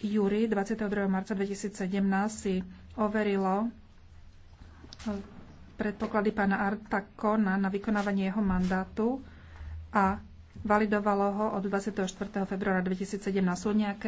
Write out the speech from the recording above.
Júri 22. marca 2017 si overilo eh, predpoklady pána Arta Kona na vykonávanie jeho mandátu a validovalo ho od 24. februára 2017. Sú nejaké